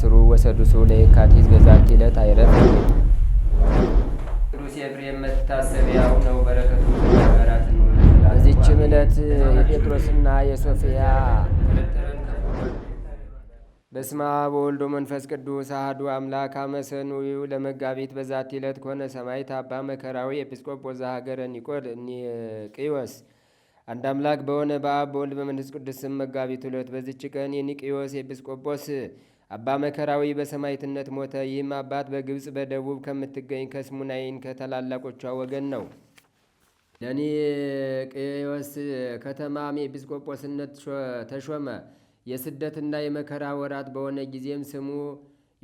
አስሩ ወሰዱሱ ለየካቲት በዛቲ ዕለት አይረት ቅዱስ ኤፍሬም መታሰቢያው ነው። በረከቱ በዚችም ዕለት የጴጥሮስና የሶፊያ በስማ በወልዶ መንፈስ ቅዱስ አህዱ አምላክ አመሰኑዩ ለመጋቢት በዛት ዕለት ከሆነ ሰማዕት አባ መከራዊ ኤጲስቆጶስ ዘሀገረ ኒቆስ። አንድ አምላክ በሆነ በአብ በወልድ በመንፈስ ቅዱስ ስም መጋቢት ዕለት በዚች ቀን የኒቅዮስ ኤጲስቆጶስ አባ መከራዊ በሰማይትነት ሞተ። ይህም አባት በግብፅ በደቡብ ከምትገኝ ከስሙናይን ከታላላቆቿ ወገን ነው። ቅዮስ ከተማም ኤጲስቆጶስነት ተሾመ። የስደትና የመከራ ወራት በሆነ ጊዜም ስሙ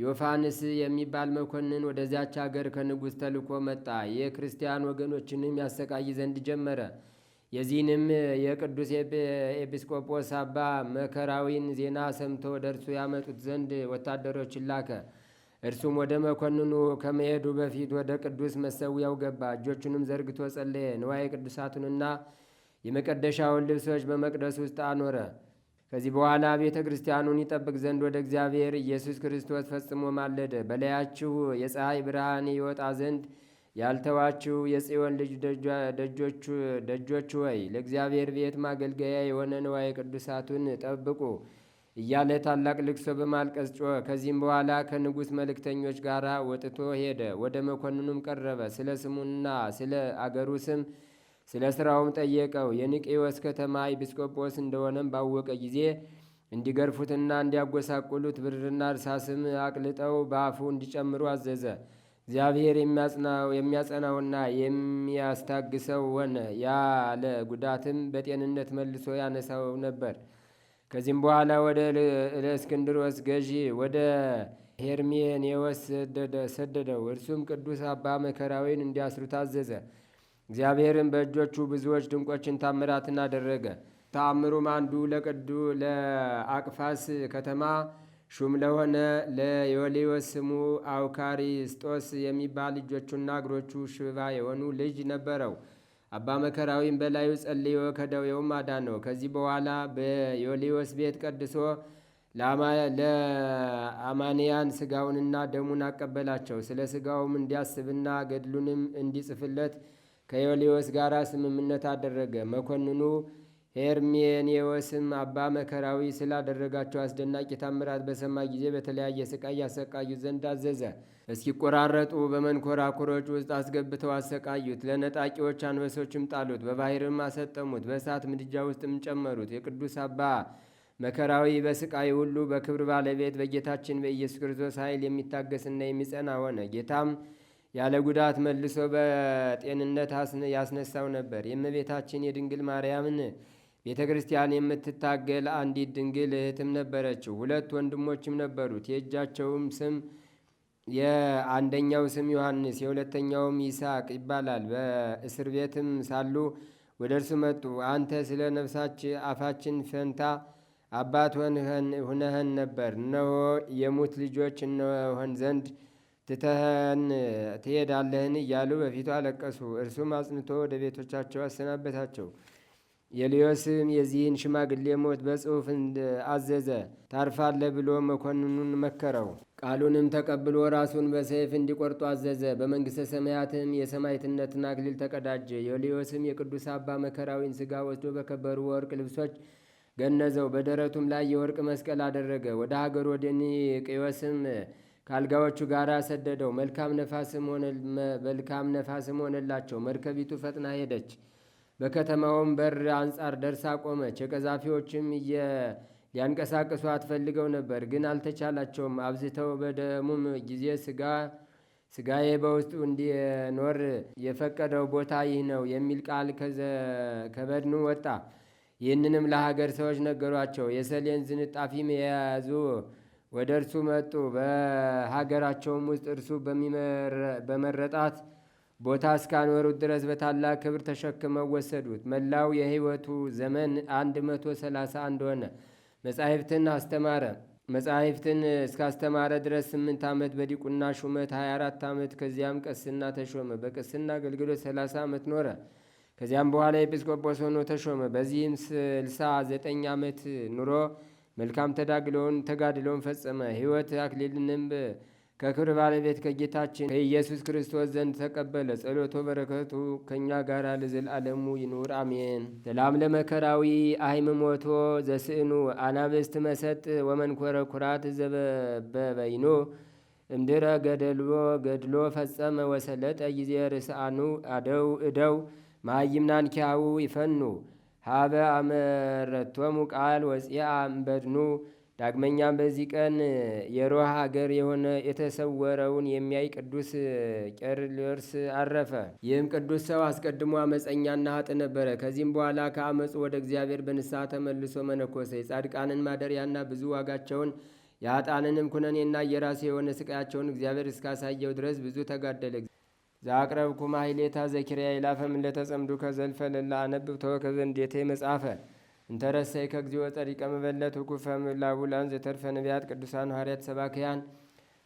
ዮፋንስ የሚባል መኮንን ወደዚያች አገር ከንጉሥ ተልኮ መጣ። የክርስቲያን ወገኖችንም ያሰቃይ ዘንድ ጀመረ። የዚህንም የቅዱስ ኤጲስቆጶስ አባ መከራዊን ዜና ሰምቶ ወደ እርሱ ያመጡት ዘንድ ወታደሮችን ላከ። እርሱም ወደ መኮንኑ ከመሄዱ በፊት ወደ ቅዱስ መሰዊያው ገባ። እጆቹንም ዘርግቶ ጸለየ። ንዋየ ቅዱሳቱንና የመቀደሻውን ልብሶች በመቅደስ ውስጥ አኖረ። ከዚህ በኋላ ቤተ ክርስቲያኑን ይጠብቅ ዘንድ ወደ እግዚአብሔር ኢየሱስ ክርስቶስ ፈጽሞ ማለደ። በላያችሁ የፀሐይ ብርሃን ይወጣ ዘንድ ያልተዋችሁ የጽዮን ልጅ ደጆች ወይ ለእግዚአብሔር ቤት ማገልገያ የሆነ ንዋየ ቅዱሳቱን ጠብቁ እያለ ታላቅ ልቅሶ በማልቀስ ጮኸ። ከዚህም በኋላ ከንጉሥ መልእክተኞች ጋር ወጥቶ ሄደ። ወደ መኮንኑም ቀረበ። ስለ ስሙና ስለ አገሩ ስም ስለ ሥራውም ጠየቀው። የኒቄዎስ ከተማ ኤጲስቆጶስ እንደሆነም ባወቀ ጊዜ እንዲገርፉትና እንዲያጎሳቁሉት ብርና እርሳስም አቅልጠው በአፉ እንዲጨምሩ አዘዘ። እግዚአብሔር የሚያጸናውና የሚያስታግሰው ሆነ። ያለ ጉዳትም በጤንነት መልሶ ያነሳው ነበር። ከዚህም በኋላ ወደ ለእስክንድሮስ ገዢ ወደ ሄርሜኔዎስ ሰደደው። እርሱም ቅዱስ አባ መከራዊን እንዲያስሩት አዘዘ። እግዚአብሔርም በእጆቹ ብዙዎች ድንቆችን ታምራትን አደረገ። ተአምሩም አንዱ ለቅዱ ለአቅፋስ ከተማ ሹም ለሆነ ለዮሌዎስ ስሙ አውካሪስጦስ የሚባል ልጆቹና እግሮቹ ሽባ የሆኑ ልጅ ነበረው። አባ መከራዊም በላዩ ጸልዮ ከደዌውም አዳነው። ከዚህ በኋላ በዮሊዮስ ቤት ቀድሶ ለአማንያን ስጋውንና ደሙን አቀበላቸው። ስለ ስጋውም እንዲያስብና ገድሉንም እንዲጽፍለት ከዮሊዮስ ጋር ስምምነት አደረገ። መኮንኑ ሄርሜኔዎስም አባ መከራዊ ስላደረጋቸው አስደናቂ ታምራት በሰማ ጊዜ በተለያየ ስቃይ ያሰቃዩት ዘንድ አዘዘ። እስኪቆራረጡ በመንኮራኩሮች ውስጥ አስገብተው አሰቃዩት። ለነጣቂዎች አንበሶችም ጣሉት፣ በባህርም አሰጠሙት፣ በእሳት ምድጃ ውስጥም ጨመሩት። የቅዱስ አባ መከራዊ በስቃይ ሁሉ በክብር ባለቤት በጌታችን በኢየሱስ ክርስቶስ ኃይል የሚታገስና የሚጸና ሆነ። ጌታም ያለ ጉዳት መልሶ በጤንነት ያስነሳው ነበር። የእመቤታችን የድንግል ማርያምን ቤተ ክርስቲያን የምትታገል አንዲት ድንግል እህትም ነበረችው። ሁለት ወንድሞችም ነበሩት። የእጃቸውም ስም የአንደኛው ስም ዮሐንስ የሁለተኛውም ይስሐቅ ይባላል። በእስር ቤትም ሳሉ ወደ እርሱ መጡ። አንተ ስለ ነፍሳች አፋችን ፈንታ አባት ሁነህን ነበር። እነሆ የሙት ልጆች እነሆን ዘንድ ትተህን ትሄዳለህን? እያሉ በፊቱ አለቀሱ። እርሱም አጽንቶ ወደ ቤቶቻቸው አሰናበታቸው። የልዮስም የዚህን ሽማግሌ ሞት በጽሑፍ አዘዘ። ታርፋለ ብሎ መኮንኑን መከረው። ቃሉንም ተቀብሎ ራሱን በሰይፍ እንዲቆርጡ አዘዘ። በመንግሥተ ሰማያትም የሰማዕትነትን አክሊል ተቀዳጀ። የልዮስም የቅዱስ አባ መከራዊን ሥጋ ወስዶ በከበሩ ወርቅ ልብሶች ገነዘው። በደረቱም ላይ የወርቅ መስቀል አደረገ። ወደ ሀገር ወደ ኒቅዮስም ከአልጋዎቹ ጋር ሰደደው። መልካም ነፋስም መልካም ነፋስም ሆነላቸው። መርከቢቱ ፈጥና ሄደች። በከተማውም በር አንጻር ደርሳ ቆመች። የቀዛፊዎችም ሊያንቀሳቅሷት አትፈልገው ነበር፣ ግን አልተቻላቸውም። አብዝተው በደሙም ጊዜ ስጋ ስጋዬ በውስጡ እንዲኖር የፈቀደው ቦታ ይህ ነው የሚል ቃል ከበድኑ ወጣ። ይህንንም ለሀገር ሰዎች ነገሯቸው። የሰሌን ዝንጣፊም የያዙ ወደ እርሱ መጡ። በሀገራቸውም ውስጥ እርሱ በመረጣት ቦታ እስካኖሩት ድረስ በታላቅ ክብር ተሸክመው ወሰዱት። መላው የሕይወቱ ዘመን 131 ሆነ። መጻሕፍትን አስተማረ። መጻሕፍትን እስካስተማረ ድረስ 8 ዓመት በዲቁና ሹመት 24 ዓመት ከዚያም ቅስና ተሾመ። በቅስና አገልግሎት 30 ዓመት ኖረ። ከዚያም በኋላ ኤጲስቆጶስ ሆኖ ተሾመ። በዚህም 69 ዓመት ኑሮ መልካም ተዳግለውን ተጋድለውን ፈጸመ። ሕይወት አክሊልንም ከክብር ባለቤት ከጌታችን ከኢየሱስ ክርስቶስ ዘንድ ተቀበለ። ጸሎቶ በረከቱ ከእኛ ጋር ለዘላለሙ ይኑር አሜን። ሰላም ለመከራዊ አይምሞቶ ዘስእኑ አናብስት መሰጥ ወመንኮረ ኩራት ዘበበይኑ እምድረ ገደሎ ገድሎ ፈጸመ ወሰለጠ ጊዜ ርስአኑ አደው እደው ማይምናን ኪያው ይፈኑ ሀበ አመረቶሙ ቃል ወፅአ እምበድኑ ዳግመኛም በዚህ ቀን የሮሃ ሀገር የሆነ የተሰወረውን የሚያይ ቅዱስ ቄርሎስ አረፈ። ይህም ቅዱስ ሰው አስቀድሞ አመፀኛና ሀጥ ነበረ። ከዚህም በኋላ ከአመፁ ወደ እግዚአብሔር በንስሐ ተመልሶ መነኮሰ። የጻድቃንን ማደሪያና ብዙ ዋጋቸውን የአጣንንም ኩነኔና የራሴ የሆነ ስቃያቸውን እግዚአብሔር እስካሳየው ድረስ ብዙ ተጋደለ። ዛቅረብኩማ ሂሌታ ዘኪርያ ይላፈም ለተጸምዱ ከዘልፈ ለላ አነብብ ተወከዘ እንዴቴ መጻፈ እንተረሰይ ከእግዚኦ ጸሪቀ መበለት ውኩፈ ምላቡላን ዘተርፈ ነቢያት ቅዱሳን ሐዋርያት ሰባክያን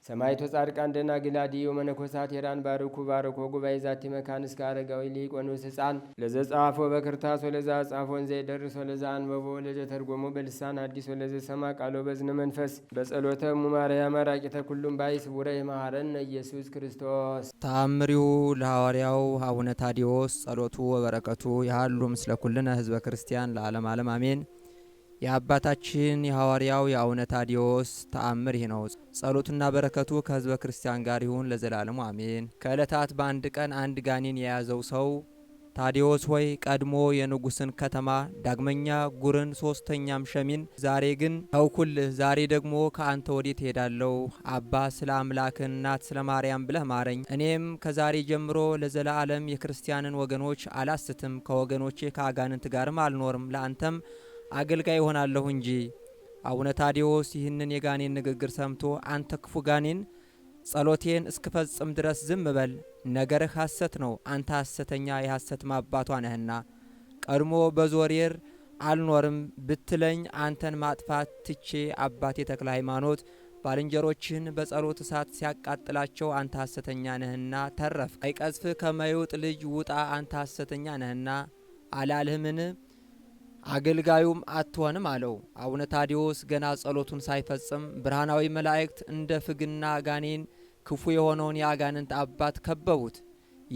ሰማይቶ ጻድቃን ደናግል አድዮ መነኮሳት ሄራን ባርኩ ባርኮ ጉባኤ ዛቲ መካን እስከ አረጋዊ ሊቆኑስ ህፃን ለዘ ጻፎ በክርታስ ወለዛ ጻፎ እንዘ ይደርስ ወለዛ አንበቦ ወለዘ ተርጎሞ በልሳን አዲስ ወለዘ ሰማ ቃሎ በዝነ መንፈስ በጸሎተ ሙማርያ መራቂተ ኩሉም ባይ ስቡረ የማሃረነ ኢየሱስ ክርስቶስ። ተአምሪሁ ለሐዋርያው አቡነ ታዲዎስ ጸሎቱ ወበረከቱ ያሉ ምስለ ኩልነ ህዝበ ክርስቲያን ለዓለም ዓለም አሜን። የአባታችን የሐዋርያው የአቡነ ታዲዮስ ተአምር ይህ ነው። ጸሎቱና በረከቱ ከህዝበ ክርስቲያን ጋር ይሁን ለዘላለሙ አሜን። ከዕለታት በአንድ ቀን አንድ ጋኔን የያዘው ሰው ታዲዮስ ሆይ ቀድሞ የንጉስን ከተማ ዳግመኛ ጉርን ሶስተኛም ሸሚን ዛሬ ግን ተውኩልህ። ዛሬ ደግሞ ከአንተ ወዴት ትሄዳለሁ አባ ስለ አምላክ እናት ስለ ማርያም ብለህ ማረኝ። እኔም ከዛሬ ጀምሮ ለዘላለም የክርስቲያንን ወገኖች አላስትም፣ ከወገኖቼ ከአጋንንት ጋርም አልኖርም። ለአንተም አገልጋይ ይሆናለሁ እንጂ። አቡነ ታዲዎስ ይህንን የጋኔን ንግግር ሰምቶ አንተ ክፉ ጋኔን ጸሎቴን እስክፈጽም ድረስ ዝም በል፣ ነገርህ ሐሰት ነው፣ አንተ ሐሰተኛ የሐሰት ማባቷ ነህና ቀድሞ በዞሬር አልኖርም ብትለኝ አንተን ማጥፋት ትቼ አባቴ ተክለ ሃይማኖት ባልንጀሮችህን በጸሎት እሳት ሲያቃጥላቸው አንተ ሐሰተኛ ነህና ተረፍ። አይቀዝፍ ከመይውጥ ልጅ ውጣ አንተ ሐሰተኛ ነህና አላልህምን? አገልጋዩም አትሆንም አለው። አቡነ ታዲዎስ ገና ጸሎቱን ሳይፈጽም ብርሃናዊ መላእክት እንደ ፍግና ጋኔን ክፉ የሆነውን የአጋንንት አባት ከበቡት።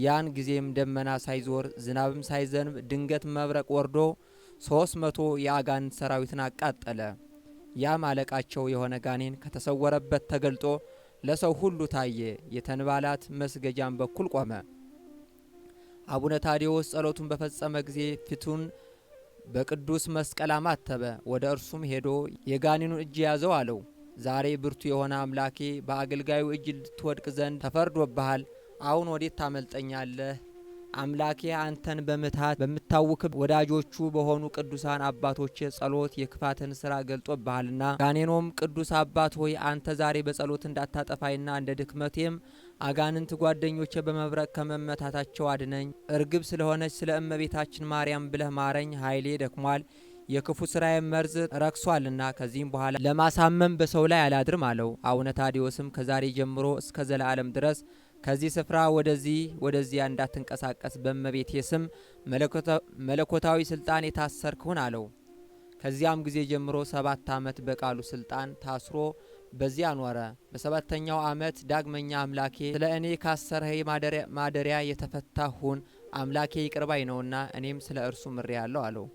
ያን ጊዜም ደመና ሳይዞር ዝናብም ሳይዘንብ ድንገት መብረቅ ወርዶ ሶስት መቶ የአጋንንት ሰራዊትን አቃጠለ። ያም አለቃቸው የሆነ ጋኔን ከተሰወረበት ተገልጦ ለሰው ሁሉ ታየ። የተንባላት መስገጃም በኩል ቆመ። አቡነ ታዲዎስ ጸሎቱን በፈጸመ ጊዜ ፊቱን በቅዱስ መስቀል አማተበ። ወደ እርሱም ሄዶ የጋኔኑን እጅ ያዘው አለው። ዛሬ ብርቱ የሆነ አምላኬ በአገልጋዩ እጅ ልትወድቅ ዘንድ ተፈርዶብሃል። አሁን ወዴት ታመልጠኛለህ? አምላኬ አንተን በምትሃት በምታውክ ወዳጆቹ በሆኑ ቅዱሳን አባቶች ጸሎት የክፋትን ስራ ገልጦብሃልና። ጋኔኖም ቅዱስ አባት ሆይ አንተ ዛሬ በጸሎት እንዳታጠፋይና እንደ ድክመቴም አጋንንት ጓደኞቼ በመብረቅ ከመመታታቸው አድነኝ። እርግብ ስለሆነች ስለ እመቤታችን ማርያም ብለህ ማረኝ። ኃይሌ ደክሟል፣ የክፉ ስራዬ መርዝ ረክሷልና ከዚህም በኋላ ለማሳመም በሰው ላይ አላድርም አለው። አቡነ ታዲዮስም ከዛሬ ጀምሮ እስከ ዘላለም ድረስ ከዚህ ስፍራ ወደዚህ ወደዚያ እንዳትንቀሳቀስ በእመቤቴ ስም መለኮታዊ ስልጣን የታሰርክሁን አለው። ከዚያም ጊዜ ጀምሮ ሰባት ዓመት በቃሉ ስልጣን ታስሮ በዚያ አኖረ። በሰባተኛው ዓመት ዳግመኛ አምላኬ ስለ እኔ ካሰርኸኝ ማደሪያ የተፈታሁን አምላኬ ይቅርባይ ነውና እኔም ስለ እርሱ ምሬ ያለው አለው።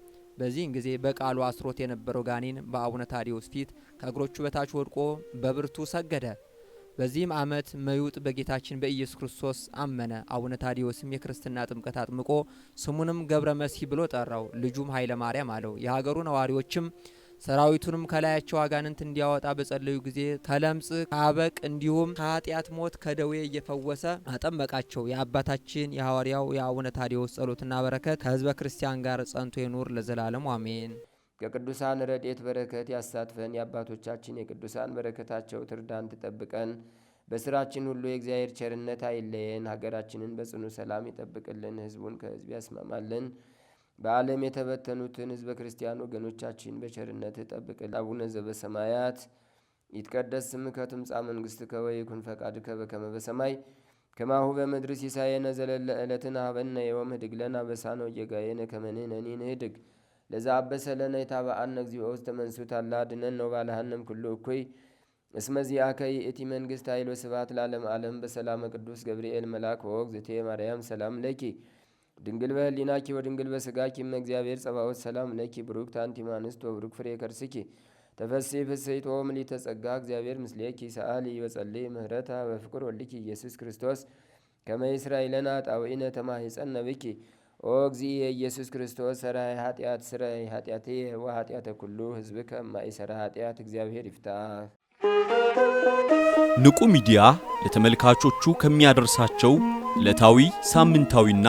በዚህን ጊዜ በቃሉ አስሮት የነበረው ጋኔን በአቡነ ታዲዎስ ፊት ከእግሮቹ በታች ወድቆ በብርቱ ሰገደ። በዚህም ዓመት መዩጥ በጌታችን በኢየሱስ ክርስቶስ አመነ። አቡነ ታዲዎስም የክርስትና ጥምቀት አጥምቆ ስሙንም ገብረ መሲህ ብሎ ጠራው። ልጁም ኃይለ ማርያም አለው። የሀገሩ ነዋሪዎችም ሰራዊቱንም ከላያቸው አጋንንት እንዲያወጣ በጸለዩ ጊዜ ተለምጽ ከአበቅ እንዲሁም ከኃጢአት ሞት ከደዌ እየፈወሰ አጠመቃቸው። የአባታችን የሐዋርያው የአቡነ ታዲዎስ ጸሎትና በረከት ከህዝበ ክርስቲያን ጋር ጸንቶ ይኑር ለዘላለሙ አሜን። ከቅዱሳን ረድኤት በረከት ያሳትፈን። የአባቶቻችን የቅዱሳን በረከታቸው ትርዳን፣ ትጠብቀን። በስራችን ሁሉ የእግዚአብሔር ቸርነት አይለየን። ሀገራችንን በጽኑ ሰላም ይጠብቅልን። ህዝቡን ከህዝብ ያስማማልን። በዓለም የተበተኑትን ህዝበ ክርስቲያን ወገኖቻችን በቸርነት ጠብቅል። አቡነ ዘበሰማያት ይትቀደስ ስምከ ትምጻእ መንግሥትከ ወይኩን ፈቃድከ በከመ በሰማይ ከማሁ በምድር ሲሳየነ ዘለለ ዕለትነ ሀበነ ዮም ህድግ ለነ አበሳነ ወጌጋየነ ከመ ንሕነኒ ንህድግ ለዘአበሰለነ የታበአነ እግዚኦ ውስተ መንሱታላ ነው ባልሃንም ኩሉ እኩይ እስመ ዚአከ እቲ መንግሥት ኃይሎ ወስብሐት ለዓለመ ዓለም በሰላመ ቅዱስ ገብርኤል መልአክ ወወግ ማርያም ሰላም ለኪ ድንግል በህሊናኪ ወድንግል በስጋኪ እግዚአብሔር ጸባዖት ሰላም ለኪ ብሩክ ታንቲማንስት ወብሩክ ፍሬ ከርስኪ ተፈሴ ፍሰይቶ ምሊ ተጸጋ እግዚአብሔር ምስሌኪ ሰአሊ ወጸልይ ምህረታ በፍቅር ወልኪ ኢየሱስ ክርስቶስ ከመይ ይሥረይ ለነ ኃጣውኢነ ኦ እግዚ ኢየሱስ ክርስቶስ ሠራይ ኃጢአት ሥረይ ኃጢአትየ ወኃጢአተ ኩሉ ከማይ ሰራ ኃጢአት እግዚአብሔር ይፍታ። ንቁ ሚዲያ ለተመልካቾቹ ከሚያደርሳቸው ዕለታዊ ሳምንታዊና